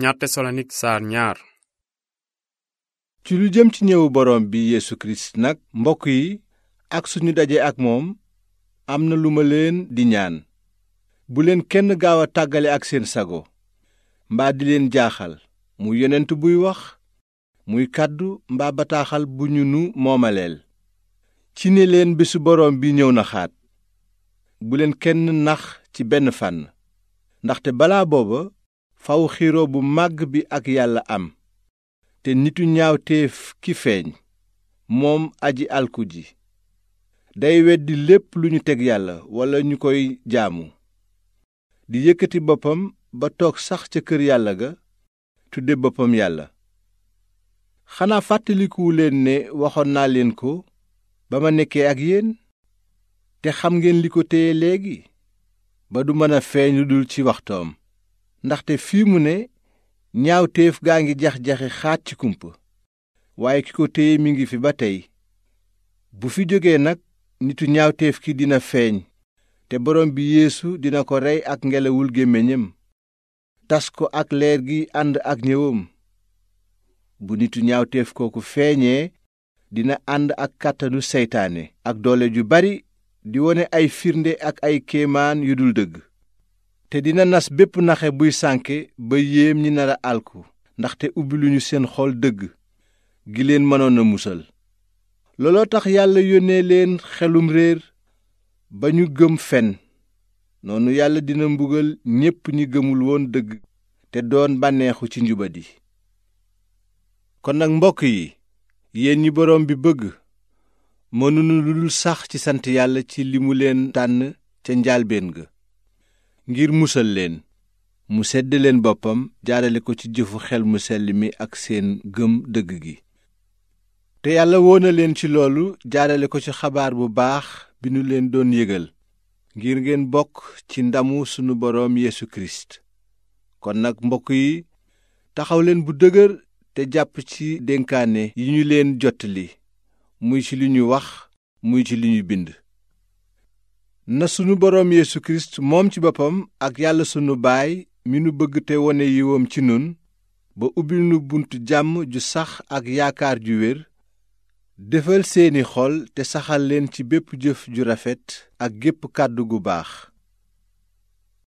ñaar tesalonik ñaar ci lu jëm ci ñëwu boroom bi yeesu kirist nag mbokk yi ak suñu daje ak moom am na lu ma leen di ñaan bu leen kenn gaaw a tàggale ak seen sago mbaa di leen jaaxal mu yonent buy wax muy kàddu mbaa bataaxal bu ñu nu moomaleel ci ne leen bésu boroom bi ñëw na xaat bu leen kenn nax ci benn fànn ndaxte balaa booba faw xiroo bu màgg bi ak yàlla am te nitu ñaawteef ki feeñ moom aji alku day day weddi lépp lu ñu teg yàlla walla ñu koy jaamu di yëkkati boppam ba toog sax ca kër yàlla ga tudde boppam yàlla xanaa fàttalikuwu leen ne waxoon naa leen ko ba ma nekkee ak yéen te xam ngeen li ko téye léegi ba du mën a feeñ lu dul ci waxtoom ndaxte fii mu ne ñaawteef gaa ngi jax-jaxe xaat ci kumpa waaye ki ko téye mi ngi fi ba tey bu fi jógee nag nitu ñaawteef ki dina feeñ te borom bi yéesu dina ko rey ak ngelawul gémmiñam tas ko ak leer gi ànd ak ñëwam bu nitu ñaawteef kooku feeñee dina ànd ak kàttanu seytaane ak doole ju bari di wone ay firnde ak ay kéemaan yu dul dëgg te dina nas bépp naxe buy sànke ba yéem ñi nar a alku ndaxte ubbi luñu seen xool dëgg gi leen mënoon a musal looloo tax yàlla yónnee leen xelum réer ba ñu gëm fenn noonu yàlla dina mbugal ñépp ñi gëmul woon dëgg te doon bànneexu ci njubadi kon nag mbokk yi yéen ñi boroom bi bëgg mënunu lu dul sax ci sant yàlla ci li mu leen tànn ca njaalbeen ga ngir musal leen mu sedd leen boppam jaarale ko ci jëfu xel mu sell mi ak seen gëm dëgg gi te yàlla woona leen ci loolu jaarale ko ci xabaar bu baax bi nu leen doon yëgal ngir ngeen bokk ci ndamu sunu boroom Yeesu Kirist kon nag mbokk yi taxaw leen bu dëgër te jàpp ci dénkaane yi ñu leen jot li muy ci li ñu wax muy ci li ñu bind na sunu boroom Yeesu Kirist moom ci boppam ak yàlla sunu baay mi nu bëgg te wone yiwam ci nun ba ubbil nu buntu jàmm ju sax ak yaakaar ju wér defal seeni xol te saxal leen ci bépp jëf ju rafet ak gépp kàddu gu baax